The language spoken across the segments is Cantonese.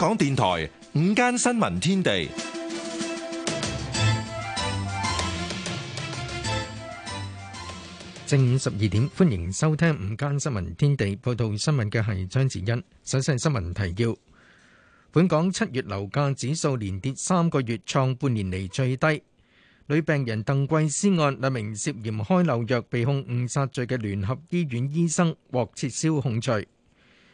香港電台午間新聞天地，正午十二點，歡迎收聽午間新聞天地。報道新聞嘅係張子欣。首先，新聞提要：本港七月樓價指數連跌三個月，創半年嚟最低。女病人鄧桂思案，兩名涉嫌開漏藥、被控誤殺罪嘅聯合醫院醫生獲撤銷控罪。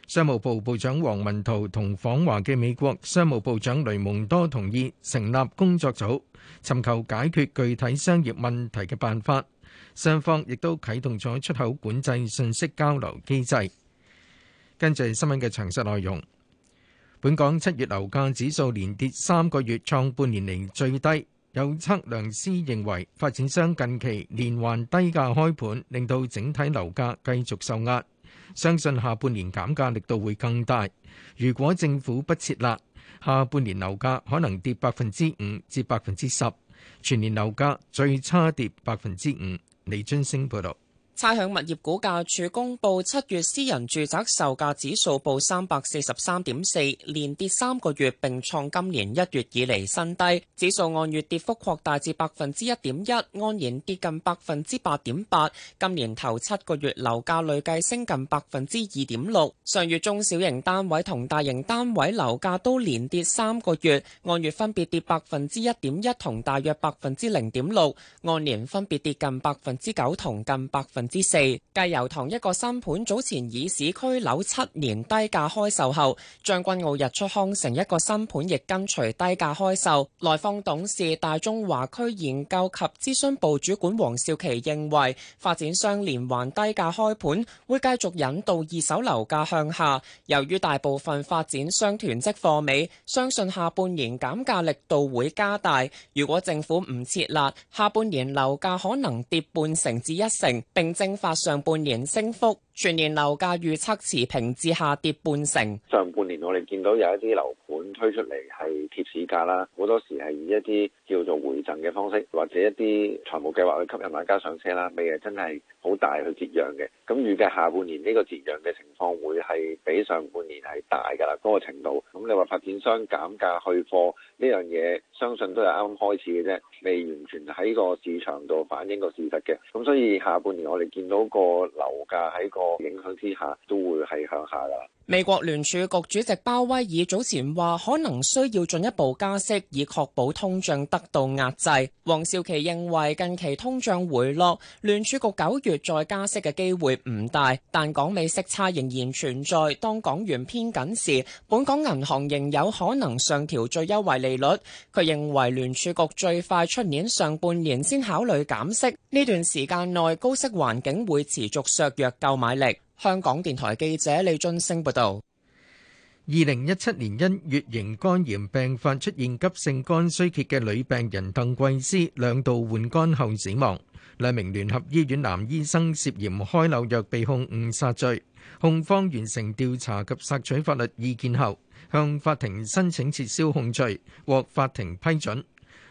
商務部部長王文濤同訪華嘅美國商務部長雷蒙多同意成立工作組，尋求解決具體商業問題嘅辦法。雙方亦都啟動咗出口管制信息交流機制。跟住係新聞嘅詳細內容。本港七月樓價指數連跌三個月，創半年嚟最低。有測量師認為，發展商近期連環低價開盤，令到整體樓價繼續受壓。相信下半年減價力度會更大。如果政府不設立，下半年樓價可能跌百分之五至百分之十，全年樓價最差跌百分之五。李津升報道。差餉物業估價署公佈七月私人住宅售價指數報三百四十三點四，連跌三個月，並創今年一月以嚟新低。指數按月跌幅擴大至百分之一點一，按年跌近百分之八點八。今年頭七個月樓價累計升近百分之二點六。上月中小型單位同大型單位樓價都連跌三個月，按月分別跌百分之一點一同大約百分之零點六，按年分別跌近百分之九同近百分。之四，繼油塘一個新盤早前以市區樓七年低價開售後，將軍澳日出康城一個新盤亦跟隨低價開售。內放董事大中華區研究及諮詢部主，主管黃少琪認為，發展商連環低價開盤會繼續引導二手樓價向下。由於大部分發展商囤積貨尾，相信下半年減價力度會加大。如果政府唔設立，下半年樓價可能跌半成至一成，並。蒸發上半年升幅。全年樓價預測持平至下跌半成。上半年我哋見到有一啲樓盤推出嚟，係貼市價啦，好多時係以一啲叫做回贈嘅方式或者一啲財務計劃去吸引買家上車啦，未係真係好大去截讓嘅。咁預計下半年呢個截讓嘅情況會係比上半年係大㗎喇，嗰、那個程度。咁你話發展商減價去貨呢樣嘢，相信都係啱啱開始嘅啫，未完全喺個市場度反映個事實嘅。咁所以下半年我哋見到個樓價喺個影響之下，都會係向下啦。美國聯儲局主席鮑威爾早前話，可能需要進一步加息以確保通脹得到壓制。黃少琪認為，近期通脹回落，聯儲局九月再加息嘅機會唔大，但港美息差仍然存在。當港元偏緊時，本港銀行仍有可能上調最優惠利率。佢認為聯儲局最快出年上半年先考慮減息，呢段時間內高息環境會持續削弱購買力。香港電台記者李俊升報道。二零一七年因乙型肝炎病發出現急性肝衰竭嘅女病人鄧桂枝，兩度換肝後死亡。兩名聯合醫院男醫生涉嫌開漏藥，被控誤殺罪。控方完成調查及索取法律意見後，向法庭申請撤銷控罪，獲法庭批准。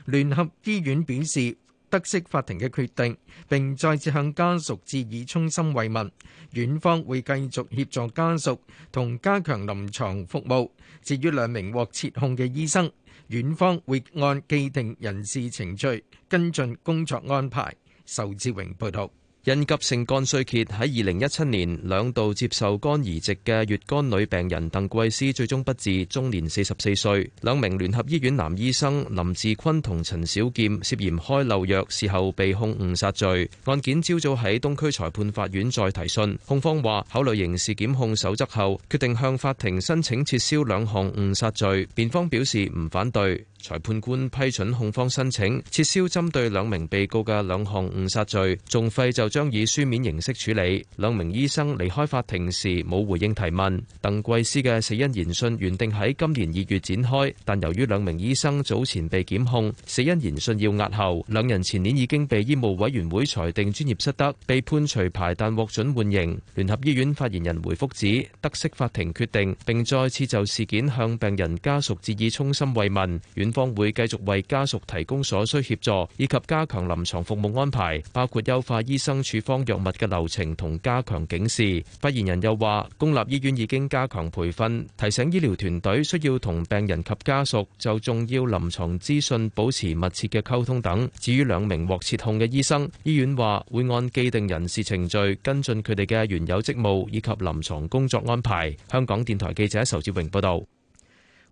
聯合醫院表示，得悉法庭嘅決定，並再次向家屬致以衷心慰問。院方會繼續協助家屬同加強臨牀服務。至於兩名獲撤控嘅醫生，院方會按既定人事程序跟進工作安排。仇志榮報道。因急性肝衰竭喺二零一七年兩度接受肝移植嘅乙肝女病人鄧桂思最終不治，終年四十四歲。兩名聯合醫院男醫生林志坤同陳小劍涉嫌開漏藥，事後被控誤殺罪。案件朝早喺東區裁判法院再提訊，控方話考慮刑事檢控守則後，決定向法庭申請撤銷兩項誤殺罪，辯方表示唔反對。裁判官批准控方申請撤銷針對兩名被告嘅兩項誤殺罪，仲費就將以書面形式處理。兩名醫生離開法庭時冇回應提問。鄧桂斯嘅死因言訊原定喺今年二月展開，但由於兩名醫生早前被檢控，死因言訊要押後。兩人前年已經被醫務委員會裁定專業失德，被判除牌但獲准緩刑。聯合醫院發言人回覆指，得悉法庭決定，並再次就事件向病人家屬致以衷心慰問。方會繼續為家屬提供所需協助，以及加強臨床服務安排，包括優化醫生處方藥物嘅流程同加強警示。發言人又話，公立醫院已經加強培訓，提醒醫療團隊需要同病人及家屬就重要臨床資訊保持密切嘅溝通等。至於兩名獲撤控嘅醫生，醫院話會按既定人事程序跟進佢哋嘅原有職務以及臨床工作安排。香港電台記者仇志榮報道。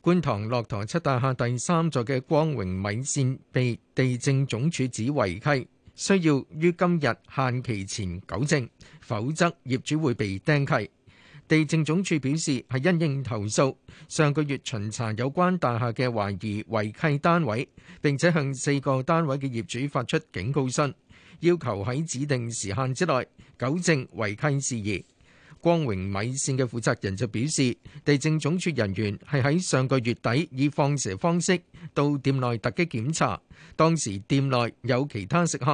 觀塘駱駝漆大廈第三座嘅光榮米線被地政總署指違規，需要於今日限期前糾正，否則業主會被釘契。地政總署表示係因應投訴，上個月巡查有關大廈嘅懷疑違規單位，並且向四個單位嘅業主發出警告信，要求喺指定時限之內糾正違規事宜。光榮米線嘅負責人就表示，地政總署人員係喺上個月底以放蛇方式到店內突擊檢查，當時店內有其他食客，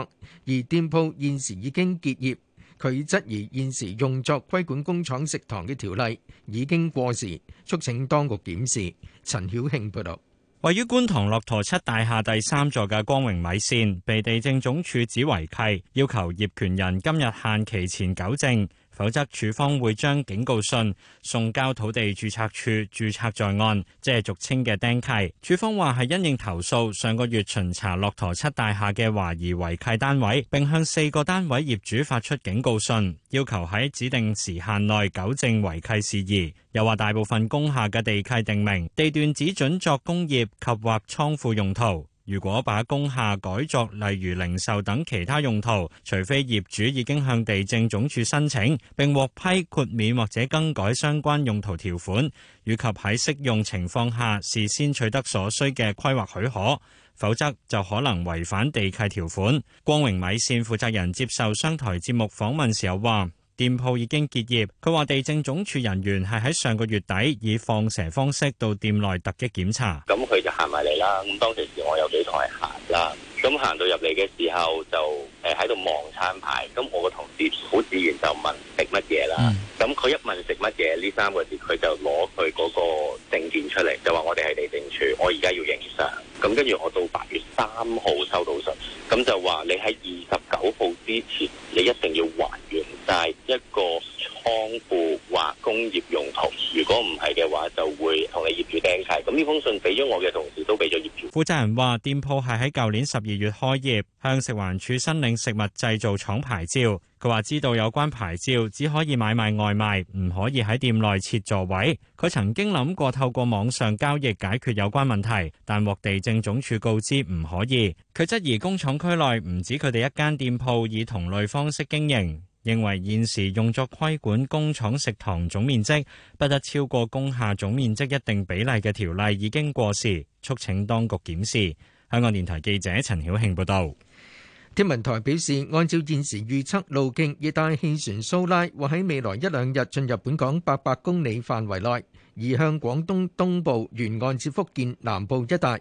而店鋪現時已經結業。佢質疑現時用作規管工廠食堂嘅條例已經過時，促請當局檢視。陳曉慶報導，位於觀塘駱駝漆大廈第三座嘅光榮米線被地政總署指違契，要求業權人今日限期前糾正，否則，署方會將警告信送交土地註冊處註冊在案，即係俗稱嘅釘契。署方話係因應投訴，上個月巡查駱駝七大廈嘅懷疑違契單位，並向四個單位業主發出警告信，要求喺指定時限內糾正違契事宜。又話大部分工廈嘅地契定明地段只准作工業及或倉庫用途。如果把工廈改作例如零售等其他用途，除非業主已經向地政總署申請並獲批豁免或者更改相關用途條款，以及喺適用情況下事先取得所需嘅規劃許可，否則就可能違反地契條款。光榮米線負責人接受商台節目訪問時候話。店鋪已經結業，佢話地政總署人員係喺上個月底以放蛇方式到店內突擊檢查，咁佢就行埋嚟啦。咁當時我有幾台行啦，咁行到入嚟嘅時候就。喺度望餐牌，咁我個同事好自然就問食乜嘢啦。咁佢、嗯、一問食乜嘢，呢三個字佢就攞佢嗰個證件出嚟，就話我哋係地政處，我而家要影相。咁跟住我到八月三號收到信，咁就話你喺二十九號之前，你一定要還原曬一個倉庫或工業用途，如果唔係嘅話，就會同你業主釘契。咁呢封信俾咗我嘅同事，都俾咗業主。負責人話：店鋪係喺舊年十二月開業，向食環署申領食物製造廠牌照。佢話知道有關牌照只可以買賣外賣，唔可以喺店內設座位。佢曾經諗過透過網上交易解決有關問題，但獲地政總署告知唔可以。佢質疑工廠區內唔止佢哋一間店鋪以同類方式經營。認為現時用作規管工廠食堂總面積不得超過工廈總面積一定比例嘅條例已經過時，促請當局檢視。香港電台記者陳曉慶報道。天文台表示，按照現時預測路徑，熱帶氣旋蘇拉會喺未來一兩日進入本港八百公里範圍內，移向廣東東部沿岸至福建南部一帶。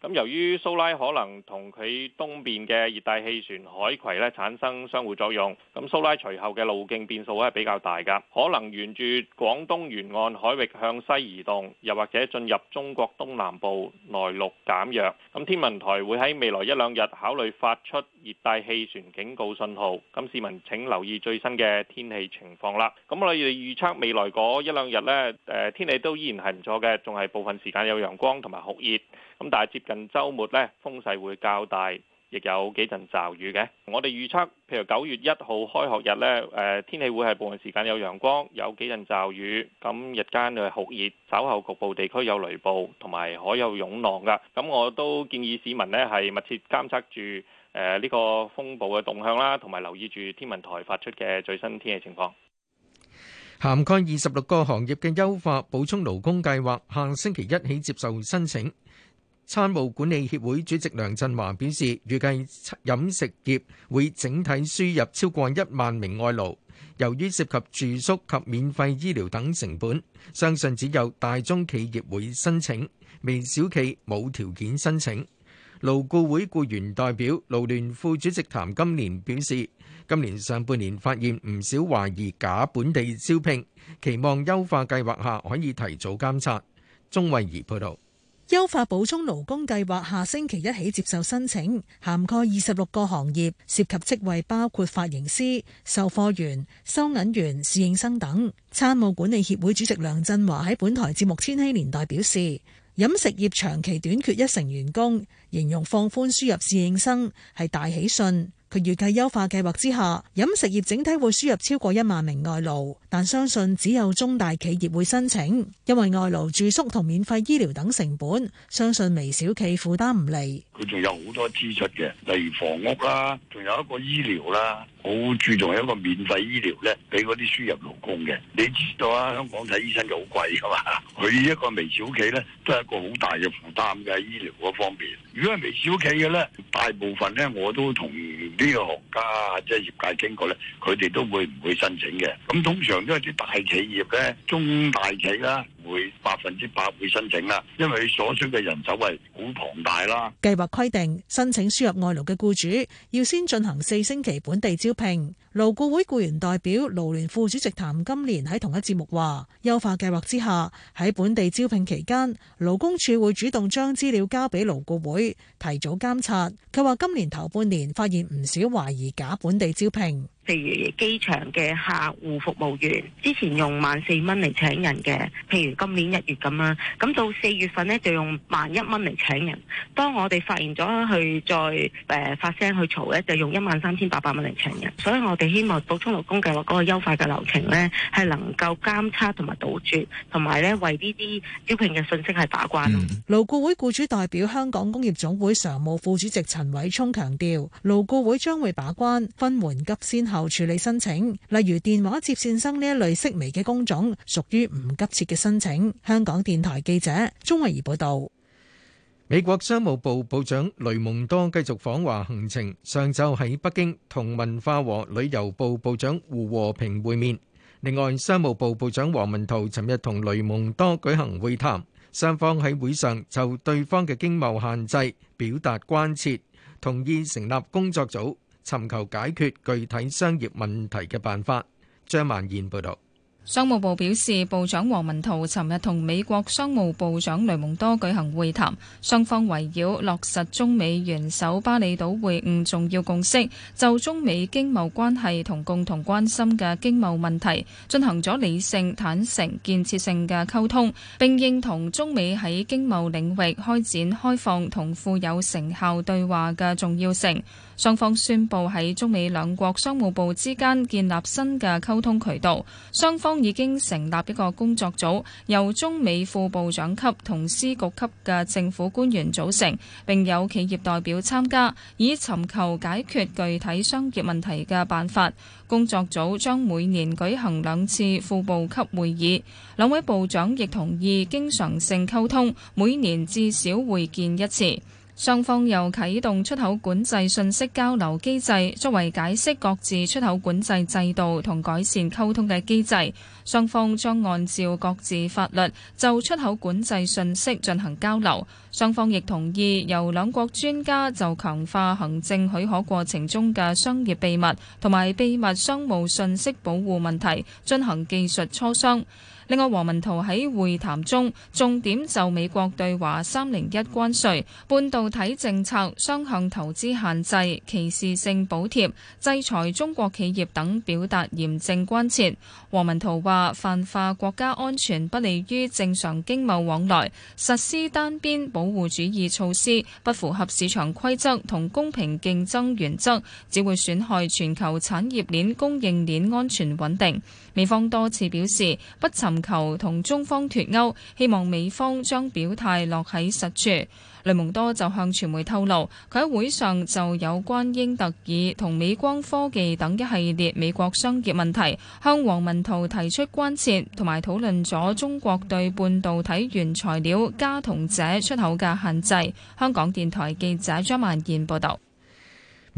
咁由於蘇拉可能同佢東邊嘅熱帶氣旋海葵咧產生相互作用，咁蘇拉隨後嘅路徑變數咧比較大㗎，可能沿住廣東沿岸海域向西移動，又或者進入中國東南部內陸減弱。咁天文台會喺未來一兩日考慮發出熱帶氣旋警告信號。咁市民請留意最新嘅天氣情況啦。咁我哋預測未來嗰一兩日呢，誒天氣都依然係唔錯嘅，仲係部分時間有陽光同埋酷熱。咁但係接近週末咧，風勢會較大，亦有幾陣驟雨嘅。我哋預測，譬如九月一號開學日咧，誒天氣會係部分時間有陽光，有幾陣驟雨。咁日間係酷熱，稍後局部地區有雷暴，同埋海有湧浪噶。咁我都建議市民咧係密切監測住誒呢個風暴嘅動向啦，同埋留意住天文台發出嘅最新天氣情況。涵蓋二十六個行業嘅優化補充勞工計劃，下星期一起接受申請。餐務管理協會主席梁振華表示，預計飲食業會整體輸入超過一萬名外勞。由於涉及住宿及免費醫療等成本，相信只有大中企業會申請，微小企冇條件申請。勞顧會僱員代表勞聯副主席譚金蓮表示，今年上半年發現唔少懷疑假本地招聘，期望優化計劃下可以提早監察。鐘慧儀報道。優化補充勞工計劃下星期一起接受申請，涵蓋二十六個行業，涉及職位包括髮型師、售貨員、收銀員、侍應生等。餐務管理協會主席梁振華喺本台節目《千禧年代》表示，飲食業長期短缺一成員工，形容放寬輸入侍應生係大喜訊。佢預計優化計劃之下，飲食業整體會輸入超過一萬名外勞，但相信只有中大企業會申請，因為外勞住宿同免費醫療等成本，相信微小企負擔唔嚟。佢仲有好多支出嘅，例如房屋啦，仲有一個醫療啦，好注重一個免費醫療咧，俾嗰啲輸入勞工嘅。你知道啊，香港睇醫生就好貴噶嘛。佢一個微小企咧，都係一個好大嘅負擔嘅醫療嗰方面。如果係微小企嘅咧，大部分咧我都同呢個學家啊，即係業界傾過咧，佢哋都會唔會申請嘅。咁通常都係啲大企業咧，中大企啦。會百分之百會申請啦，因為所需嘅人手係好龐大啦。計劃規定，申請輸入外勞嘅僱主要先進行四星期本地招聘。勞顧會雇員代表勞聯副主席譚金蓮喺同一節目話，優化計劃之下喺本地招聘期間，勞工處會主動將資料交俾勞顧會提早監察。佢話今年頭半年發現唔少懷疑假本地招聘，譬如機場嘅客戶服務員之前用萬四蚊嚟請人嘅，譬如今年一月咁樣，咁到四月份呢，就用萬一蚊嚟請人。當我哋發現咗去再誒發聲去嘈呢，就用一萬三千八百蚊嚟請人，所以我哋。希望補充勞工計劃嗰個優化嘅流程呢，係能夠監測同埋杜絕，同埋呢為呢啲招聘嘅信息係把關咯。勞顧會雇主代表香港工業總會常務副主席陳偉聰強調，勞顧會將會把關，分緩急先後處理申請。例如電話接線生呢一類細微嘅工種，屬於唔急切嘅申請。香港電台記者鍾慧儀報道。美國商務部部長雷蒙多繼續訪華行程，上晝喺北京同文化和旅遊部部長胡和平會面。另外，商務部部長王文濤尋日同雷蒙多舉行會談，雙方喺會上就對方嘅經貿限制表達關切，同意成立工作組，尋求解決具體商業問題嘅辦法。張萬燕報道。商務部表示，部長王文濤尋日同美國商務部長雷蒙多舉行會談，雙方圍繞落實中美元首巴厘島會晤重要共識，就中美經貿關係同共同關心嘅經貿問題進行咗理性、坦誠、建設性嘅溝通，並認同中美喺經貿領域開展開放同富有成效對話嘅重要性。雙方宣布喺中美兩國商務部之間建立新嘅溝通渠道。雙方已經成立一個工作組，由中美副部長級同司局級嘅政府官員組成，並有企業代表參加，以尋求解決具體商業問題嘅辦法。工作組將每年舉行兩次副部級會議，兩位部長亦同意經常性溝通，每年至少會見一次。雙方又啟動出口管制信息交流機制，作為解釋各自出口管制制度同改善溝通嘅機制。雙方將按照各自法律，就出口管制信息進行交流。雙方亦同意由兩國專家就強化行政許可過程中嘅商業秘密同埋秘密商務信息保護問題進行技術磋商。另外，王文濤喺會談中重點就美國對華三零一關稅、半導體政策、雙向投資限制、歧視性補貼、制裁中國企業等表達嚴正關切。王文濤話泛化國家安全不利於正常經貿往來，實施單邊保護主義措施不符合市場規則同公平競爭原則，只會損害全球產業鏈供應鏈安全穩定。美方多次表示不尋求同中方脫鈎，希望美方將表態落喺實處，雷蒙多就向傳媒透露，佢喺會上就有關英特爾同美光科技等一系列美國商業問題向黃文濤提出關切，同埋討論咗中國對半導體原材料鎵同鍺出口嘅限制。香港電台記者張萬健報道。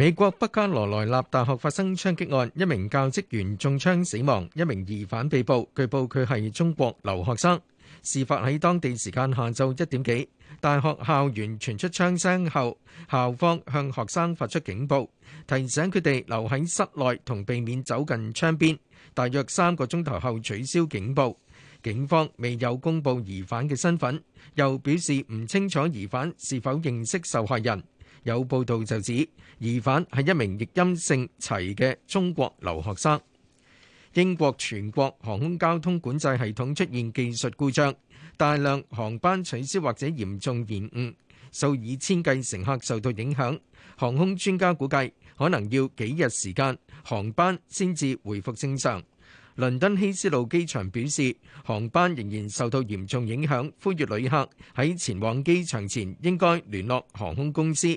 美國北卡羅萊納大學發生槍擊案，一名教職員中槍死亡，一名疑犯被捕。據報佢係中國留學生。事發喺當地時間下晝一點幾，大學校園傳出槍聲後，校方向學生發出警報，提醒佢哋留喺室內同避免走近窗邊。大約三個鐘頭後取消警報。警方未有公佈疑犯嘅身份，又表示唔清楚疑犯是否認識受害人。有報道就指疑犯係一名譯音姓齊嘅中國留學生。英國全國航空交通管制系統出現技術故障，大量航班取消或者嚴重延誤，數以千計乘客受到影響。航空專家估計可能要幾日時間航班先至回復正常。倫敦希斯路機場表示，航班仍然受到嚴重影響，呼籲旅客喺前往機場前應該聯絡航空公司。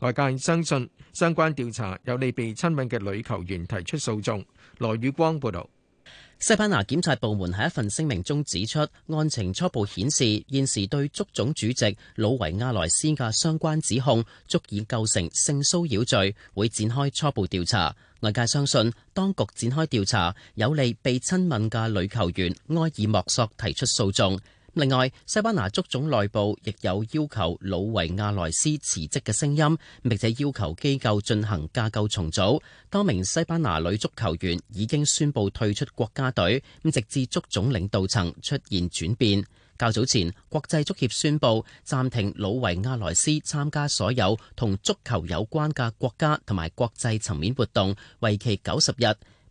外界相信相關調查有利被親吻嘅女球員提出訴訟。羅宇光報道，西班牙檢察部門喺一份聲明中指出，案情初步顯示，現時對足總主席魯維亞萊斯嘅相關指控足以構成性騷擾罪，會展開初步調查。外界相信當局展開調查有利被親吻嘅女球員埃爾莫索提出訴訟。另外，西班牙足總內部亦有要求魯維亞萊斯辭職嘅聲音，並且要求機構進行架構重組，多名西班牙女足球員已經宣布退出國家隊，咁直至足總領導層出現轉變。較早前，國際足協宣布暫停魯維亞萊斯參加所有同足球有關嘅國家同埋國際層面活動，為期九十日。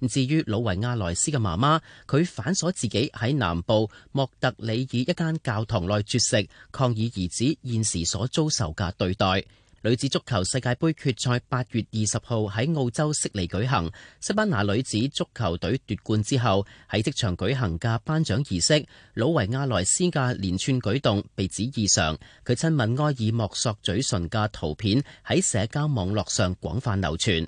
至於魯維亞萊斯嘅媽媽，佢反鎖自己喺南部莫特里爾一間教堂內絕食，抗議兒子現時所遭受嘅對待。女子足球世界杯決賽八月二十號喺澳洲悉尼舉行，西班牙女子足球隊奪冠之後喺即場舉行嘅頒獎儀式，魯維亞萊斯嘅連串舉動被指異常。佢親吻埃爾莫索嘴唇嘅圖片喺社交網絡上廣泛流傳。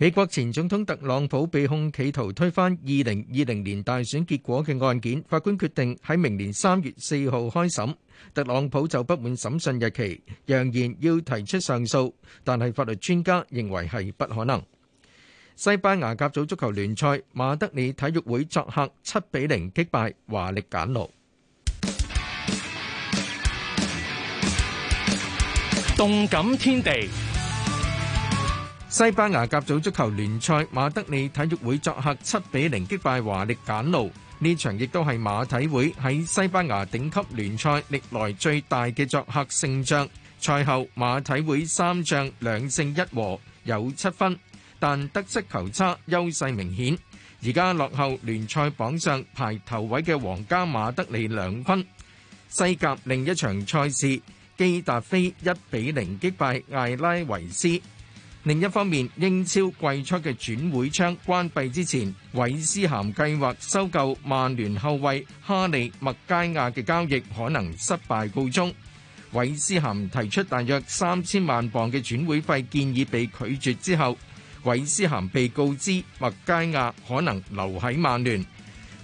美國前總統特朗普被控企圖推翻二零二零年大選結果嘅案件，法官決定喺明年三月四號開審。特朗普就不滿審訊日期，揚言要提出上訴，但係法律專家認為係不可能。西班牙甲組足球聯賽，馬德里體育會作客七比零擊敗華力簡奴。動感天地。西班牙甲組足球聯賽，馬德里體育會作客七比零擊敗華力簡奴。呢場亦都係馬體會喺西班牙頂級聯賽歷來最大嘅作客勝仗。賽後馬體會三仗兩勝一和，有七分，但得失球差優勢明顯，而家落後聯賽榜上排頭位嘅皇家馬德里兩分。西甲另一場賽事，基達菲一比零擊敗艾拉維斯。另一方面，英超季初嘅轉會窗關閉之前，韋斯咸計劃收購曼聯後衛哈利麥佳亞嘅交易可能失敗告終。韋斯咸提出大約三千萬磅嘅轉會費建議被拒絕之後，韋斯咸被告知麥佳亞可能留喺曼聯。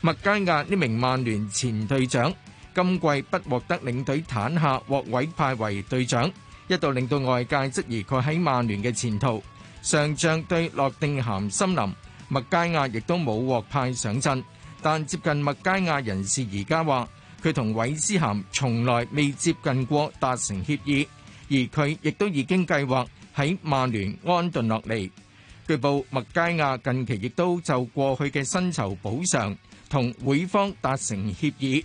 麥佳亞呢名曼聯前隊長今季不獲得領隊坦夏獲委派為隊長。一度令到外界質疑佢喺曼聯嘅前途。上將對諾定咸森林，麥佳亞亦都冇獲派上陣，但接近麥佳亞人士而家話，佢同韋斯咸從來未接近過達成協議，而佢亦都已經計劃喺曼聯安頓落嚟。據報麥佳亞近期亦都就過去嘅薪酬補償同會方達成協議。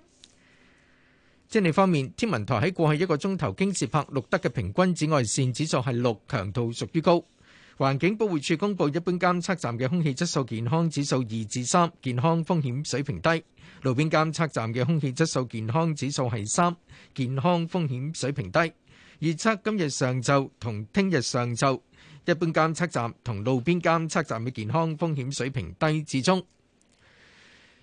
天氣方面，天文台喺過去一個鐘頭京士柏錄得嘅平均紫外線指數係六，強度屬於高。環境保護署公佈，一般監測站嘅空氣質素健康指數二至三，健康風險水平低；路邊監測站嘅空氣質素健康指數係三，健康風險水平低。預測今日上晝同聽日上晝，一般監測站同路邊監測站嘅健康風險水平低至中。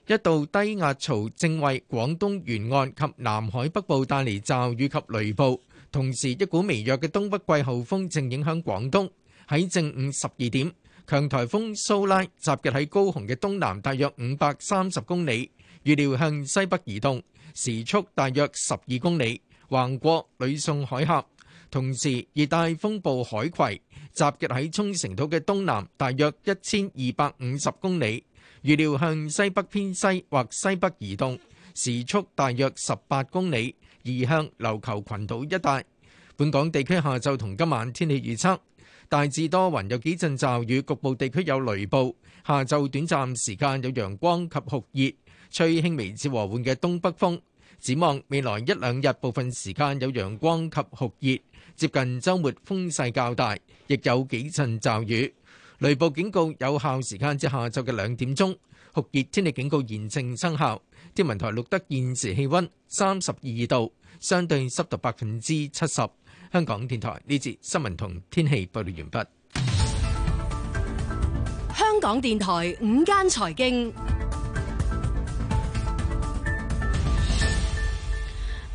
一道低壓槽正為廣東沿岸及南海北部帶嚟驟雨及雷暴，同時一股微弱嘅東北季候風正影響廣東。喺正午十二點，強颱風蘇拉集結喺高雄嘅東南，大約五百三十公里，預料向西北移動，時速大約十二公里，橫過呂宋海峽。同時，熱帶風暴海葵集結喺沖繩島嘅東南，大約一千二百五十公里。預料向西北偏西或西北移動，時速大約十八公里，移向琉球群島一帶。本港地區下晝同今晚天氣預測，大致多雲有幾陣驟雨，局部地區有雷暴。下晝短暫時間有陽光及酷熱，吹輕微至和緩嘅東北風。展望未來一兩日部分時間有陽光及酷熱，接近週末風勢較大，亦有幾陣驟雨。雷暴警告有效時間至下晝嘅兩點鐘，酷熱天氣警告現正生效。天文台錄得現時氣溫三十二度，相對濕度百分之七十。香港電台呢節新聞同天氣報道完畢。香港電台午間財經，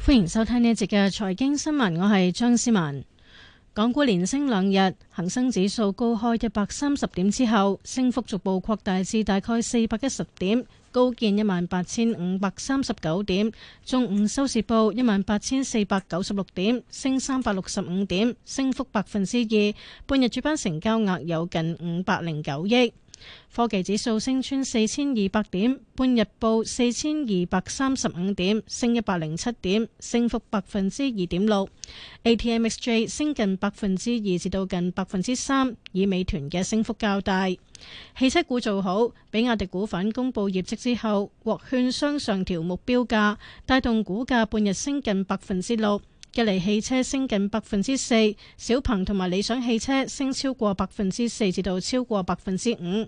歡迎收聽呢一節嘅財經新聞，我係張思文。港股連升兩日，恒生指數高開一百三十點之後，升幅逐步擴大至大概四百一十點，高見一萬八千五百三十九點。中午收市報一萬八千四百九十六點，升三百六十五點，升幅百分之二。半日主板成交額有近五百零九億。科技指數升穿四千二百點，半日報四千二百三十五點，升一百零七點，升幅百分之二點六。ATMXJ 升近百分之二至到近百分之三，以美團嘅升幅較大。汽車股做好，比亞迪股份公佈業績之後，獲券商上調目標價，帶動股價半日升近百分之六。吉利汽車升近百分之四，小鵬同埋理想汽車升超過百分之四至到超過百分之五，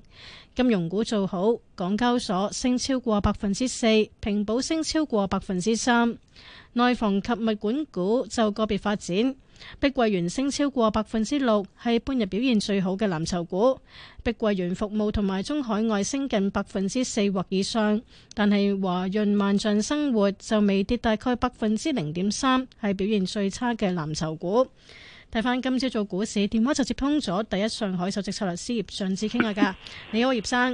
金融股做好，港交所升超過百分之四，平保升超過百分之三，內房及物管股就個別發展。碧桂園升超過百分之六，係半日表現最好嘅藍籌股。碧桂園服務同埋中海外升近百分之四或以上，但係華潤萬象生活就微跌大概百分之零點三，係表現最差嘅藍籌股。睇翻今朝早做股市，電話就接通咗第一上海首席策略師葉尚志傾偈㗎。 你好，葉生。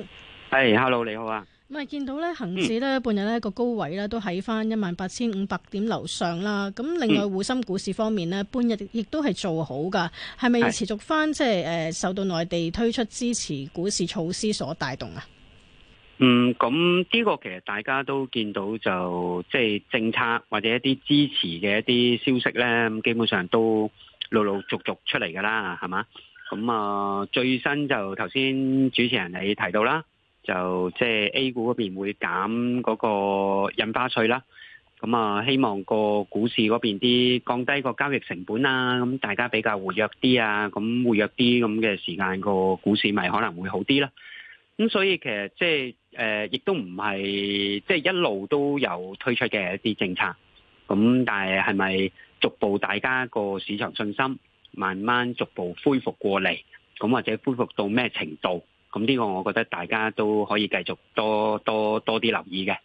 係、hey，hello，你好啊。咁啊，見到咧，恆指咧半日咧個高位咧都喺翻一萬八千五百點樓上啦。咁另外滬深股市方面咧，嗯、半日亦都係做好噶，係咪持續翻是即係誒受到內地推出支持股市措施所帶動啊？嗯，咁呢個其實大家都見到就即係、就係、政策或者一啲支持嘅一啲消息咧，基本上都陸陸續續出嚟噶啦，係嘛？咁啊、呃，最新就頭先主持人你提到啦。就即係 A 股嗰邊會減嗰個印花稅啦，咁啊希望個股市嗰邊啲降低個交易成本啊，咁大家比較活躍啲啊，咁活躍啲咁嘅時間個股市咪可能會好啲啦。咁所以其實即係誒，亦都唔係即係一路都有推出嘅一啲政策，咁但係係咪逐步大家個市場信心慢慢逐步恢復過嚟，咁或者恢復到咩程度？咁呢個我覺得大家都可以繼續多多多啲留意嘅。咁、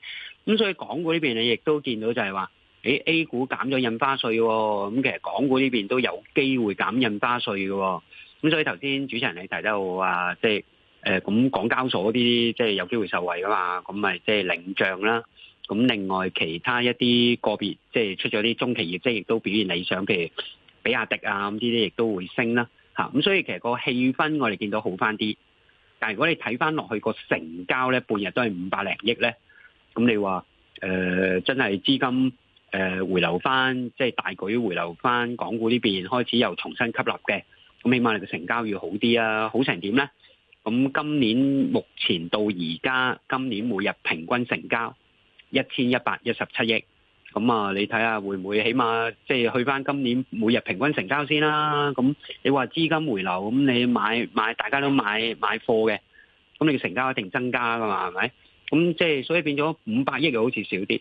嗯、所以港股呢邊你亦都見到就係話，誒 A 股減咗印花稅、哦，咁、嗯、其實港股呢邊都有機會減印花稅嘅、哦。咁、嗯、所以頭先主持人你提到又話，即係誒咁港交所啲即係有機會受惠噶嘛，咁咪即係領漲啦。咁、嗯、另外其他一啲個別即係出咗啲中期業績亦、就是、都表現理想，譬如比亞迪啊咁啲啲亦都會升啦。嚇、嗯、咁所以其實個氣氛我哋見到好翻啲。但如果你睇翻落去個成交咧，半日都係五百零億咧，咁你話誒真係資金誒回流翻，即係大舉回流翻港股呢邊，開始又重新吸納嘅，咁起碼你個成交要好啲啊！好成點咧？咁今年目前到而家，今年每日平均成交一千一百一十七億。咁啊、嗯，你睇下會唔會起碼即係去翻今年每日平均成交先啦。咁、嗯、你話資金回流，咁、嗯、你買買大家都買買貨嘅，咁、嗯、你嘅成交一定增加噶嘛，係咪？咁、嗯、即係所以變咗五百億又好似少啲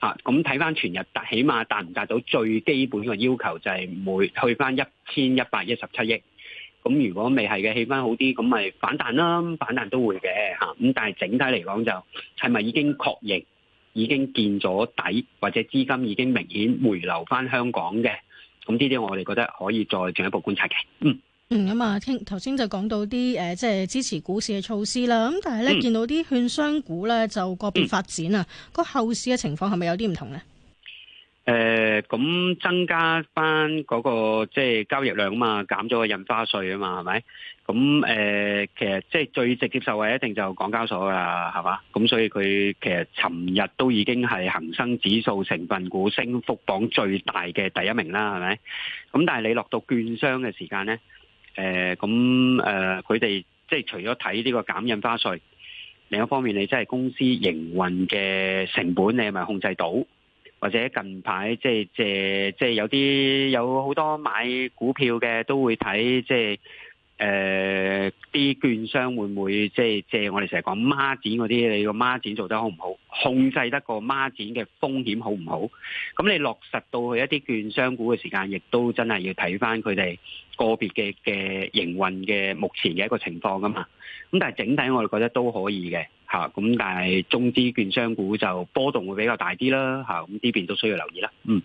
嚇。咁睇翻全日，起碼達唔達到最基本嘅要求就係每去翻一千一百一十七億。咁、嗯嗯、如果未係嘅，氣氛好啲，咁咪反彈啦。反彈都會嘅嚇。咁、啊、但係整體嚟講就係咪已經確認？已經見咗底，或者資金已經明顯回流翻香港嘅，咁呢啲我哋覺得可以再進一步觀察嘅。嗯，嗯，咁啊，頭先就講到啲誒，即係支持股市嘅措施啦。咁但係咧，嗯、見到啲券商股咧就個別發展啊，個、嗯、後市嘅情況係咪有啲唔同咧？誒，咁增加翻嗰個即係交易量啊嘛，減咗個印花稅啊嘛，係咪？咁誒，其實即係最直接受惠一定就港交所啊，係嘛？咁所以佢其實尋日都已經係恒生指數成分股升幅榜最大嘅第一名啦，係咪？咁但係你落到券商嘅時間咧，誒，咁誒，佢哋即係除咗睇呢個減印花稅，另一方面你即係公司營運嘅成本，你係咪控制到？或者近排即係借即係有啲有好多買股票嘅都會睇即係。誒、啲、呃、券商會唔會即係借我哋成日講孖展嗰啲？你個孖展做得好唔好？控制得個孖展嘅風險好唔好？咁你落實到去一啲券商股嘅時間，亦都真係要睇翻佢哋個別嘅嘅營運嘅目前嘅一個情況噶嘛？咁但係整體我哋覺得都可以嘅吓。咁但係中資券商股就波動會比較大啲啦吓。咁呢邊都需要留意啦。嗯，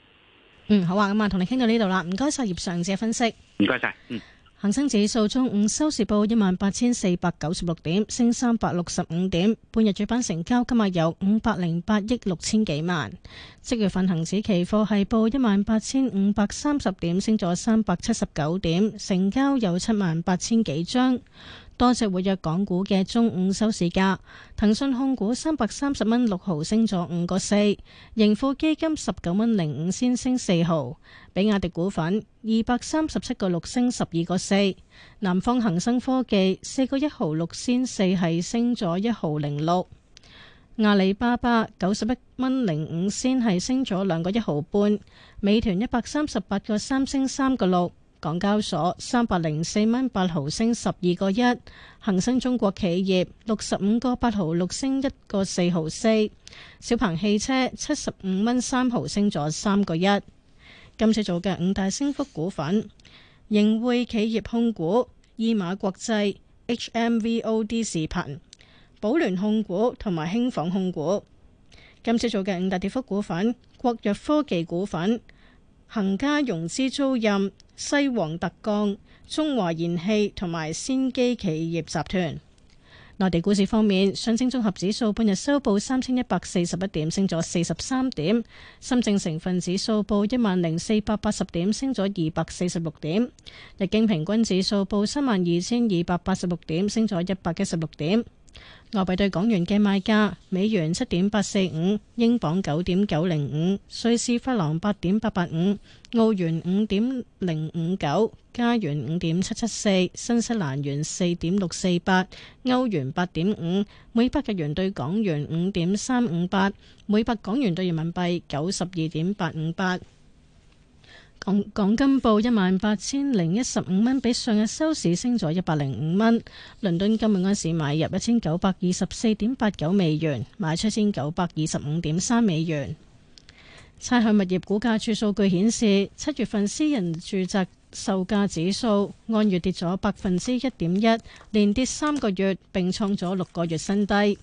嗯，好啊。咁啊，同你傾到呢度啦。唔該晒葉尚志嘅分析。唔該晒。嗯。恒生指數中午收市報一萬八千四百九十六點，升三百六十五點。半日主板成交金額有五百零八億六千幾萬。即月份恒指期貨係報一萬八千五百三十點，升咗三百七十九點，成交有七萬八千幾張。多隻活躍港股嘅中午收市價，騰訊控股三百三十蚊六毫升咗五個四，盈富基金十九蚊零五先升四毫，比亞迪股份二百三十七個六升十二個四，南方恒生科技四個一毫六先四係升咗一毫零六，阿里巴巴九十一蚊零五先係升咗兩個一毫半，美團一百三十八個三升三個六。港交所三百零四蚊八毫升十二個一，恒生中國企業六十五個八毫六升一個四毫四，小鵬汽車七十五蚊三毫升咗三個一。今次做嘅五大升幅股份，盈匯企業控股、伊馬國際、HMVOD 視頻、寶聯控股同埋輕紡控股。今次做嘅五大跌幅股份，國藥科技股份、恒嘉融資租賃、西王特鋼、中華燃氣同埋先機企業集團。內地股市方面，上證綜合指數半日收報三千一百四十一點，升咗四十三點；深證成分指數報一萬零四百八十點，升咗二百四十六點；日經平均指數報三萬二千二百八十六點，升咗一百一十六點。外幣對港元嘅賣價：美元七點八四五，英鎊九點九零五，瑞士法郎八點八八五，澳元五點零五九，加元五點七七四，新西蘭元四點六四八，歐元八點五，每百日元對港元五點三五八，每百港元對人民幣九十二點八五八。港金報一萬八千零一十五蚊，比上日收市升咗一百零五蚊。倫敦金每盎司買入一千九百二十四點八九美元，賣出一千九百二十五點三美元。差餉物業估價署數據顯示，七月份私人住宅售價指數按月跌咗百分之一點一，連跌三個月，並創咗六個月新低。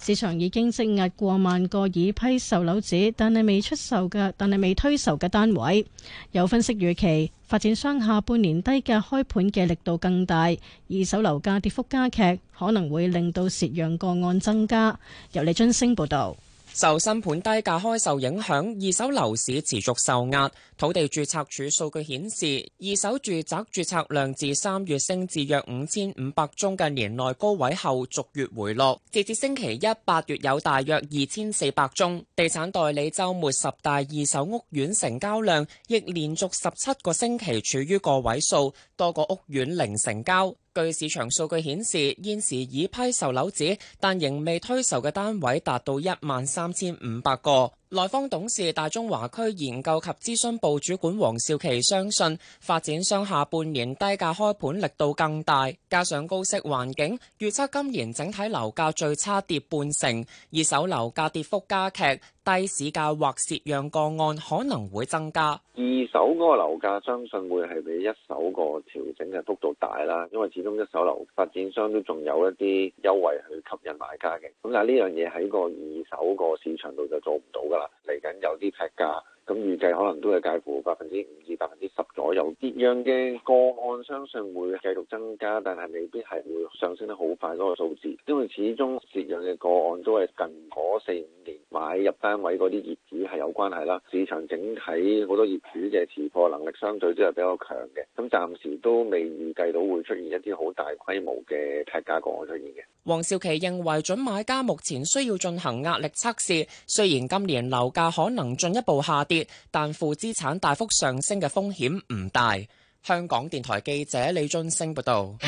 市場已經積壓過萬個已批售樓指，但係未出售嘅，但係未推售嘅單位。有分析預期，發展商下半年低價開盤嘅力度更大，二手樓價跌幅加劇，可能會令到蝕讓個案增加。由李津升報道。受新盤低價開售影響，二手樓市持續受壓。土地註冊處數據顯示，二手住宅註冊量自三月升至約五千五百宗嘅年內高位後逐月回落。截至星期一，八月有大約二千四百宗。地產代理週末十大二手屋苑成交量亦連續十七個星期處於個位數，多個屋苑零成交。據市場數據顯示，現時已批售樓紙但仍未推售嘅單位達到一萬三千五百個。內方董事大中華區研究及諮詢部主管黃少琪相信，發展商下半年低價開盤力度更大，加上高息環境，預測今年整體樓價最差跌半成，二手樓價跌幅加劇，低市價或蝕讓個案可能會增加。二手嗰個樓價相信會係比一手個調整嘅幅度大啦，因為始終一手樓發展商都仲有一啲優惠去吸引買家嘅，咁但係呢樣嘢喺個二手個市場度就做唔到㗎。嚟緊有啲劈價。咁預計可能都係介乎百分之五至百分之十左右。蝕讓嘅個案相信會繼續增加，但係未必係會上升得好快嗰個數字，因為始終蝕讓嘅個案都係近嗰四五年買入單位嗰啲業主係有關係啦。市場整體好多業主嘅持貨能力相對都係比較強嘅，咁暫時都未預計到會出現一啲好大規模嘅跌價個案出現嘅。黃少琪認為，準買家目前需要進行壓力測試，雖然今年樓價可能進一步下跌。但負資產大幅上升嘅風險唔大。香港電台記者李俊升報道。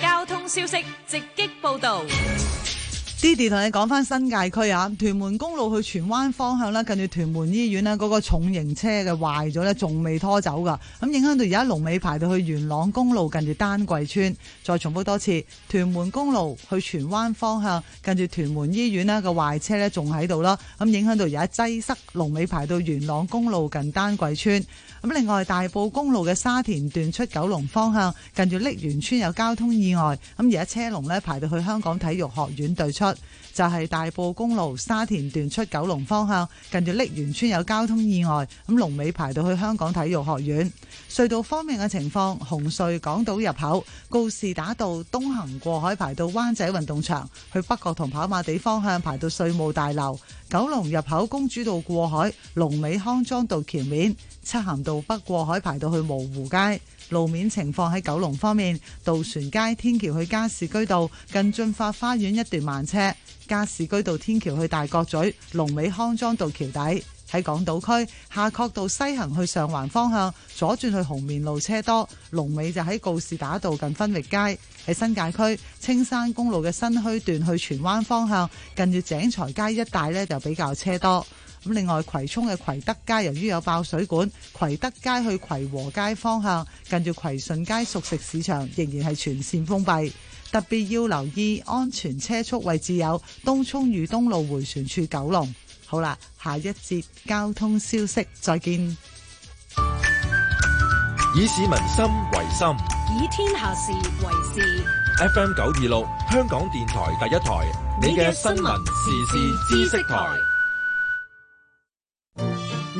交通消息直擊報道。Didi 同你講翻新界區啊，屯門公路去荃灣方向咧，近住屯門醫院呢嗰個重型車嘅壞咗呢仲未拖走噶，咁影響到而家龍尾排到去元朗公路近住丹桂村。再重複多次，屯門公路去荃灣方向，近住屯門醫院呢個壞車呢仲喺度啦，咁影響到而家擠塞龍尾排到元朗公路近丹桂村。咁另外大埔公路嘅沙田段出九龍方向，近住瀝源村有交通意外，咁而家車龍呢排到去香港體育學院對出。就係大埔公路沙田段出九龍方向，近住瀝源村有交通意外，咁龍尾排到去香港體育學院。隧道方面嘅情況，紅隧港島入口、告士打道東行過海排到灣仔運動場，去北角同跑馬地方向排到稅務大樓、九龍入口公主道過海、龍尾康莊道橋面、漆咸道北過海排到去蕪湖街。路面情況喺九龍方面，渡船街天橋去加士居道近駿發花園一段慢車；加士居道天橋去大角咀、龍尾康莊道橋底。喺港島區，夏慤道西行去上環方向左轉去紅棉路車多；龍尾就喺告士打道近分域街。喺新界區青山公路嘅新墟段去荃灣方向近住井財街一帶呢，就比較車多。咁另外葵涌嘅葵德街由於有爆水管，葵德街去葵和街方向近住葵順街熟食市場仍然係全線封閉，特別要留意安全車速位置有東涌與東路回旋處九龍。好啦，下一節交通消息再見。以市民心為心，以天下事為事。FM 九二六香港電台第一台，你嘅新聞時事知識台。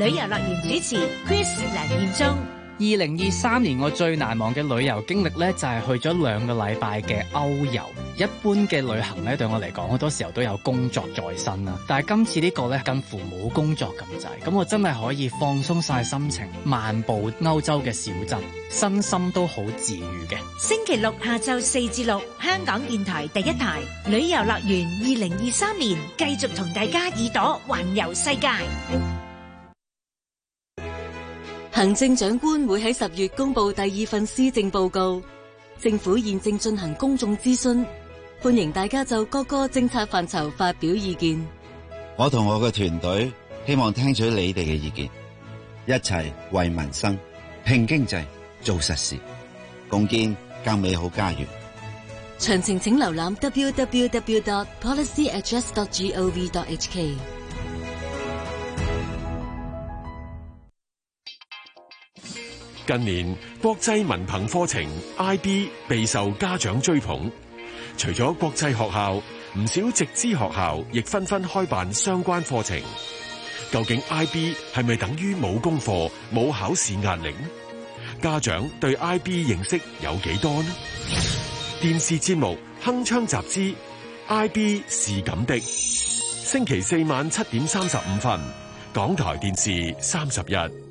旅遊樂園主持 Chris 梁建忠。二零二三年我最難忘嘅旅遊經歷咧，就係去咗兩個禮拜嘅歐遊。一般嘅旅行咧，對我嚟講，好多時候都有工作在身啦。但係今次呢個咧，近乎冇工作咁滯，咁我真係可以放鬆晒心情，漫步歐洲嘅小鎮，身心都好治愈嘅。星期六下晝四至六，香港電台第一台旅遊樂園二零二三年繼續同大家耳朵環遊世界。行政長官會喺十月公布第二份施政報告，政府現正進行公眾諮詢，歡迎大家就各個政策範疇發表意見。我同我嘅團隊希望聽取你哋嘅意見，一齊為民生、拼經濟、做實事，共建更美好家園。詳情請瀏覽 www.policyaddress.gov.hk。近年國際文憑課程 IB 備受家長追捧，除咗國際學校，唔少直資學校亦紛紛開辦相關課程。究竟 IB 係咪等於冇功課、冇考試壓力？家長對 IB 認識有幾多呢？電視節目鏗鏘集資，IB 是咁的。星期四晚七點三十五分，港台電視三十一。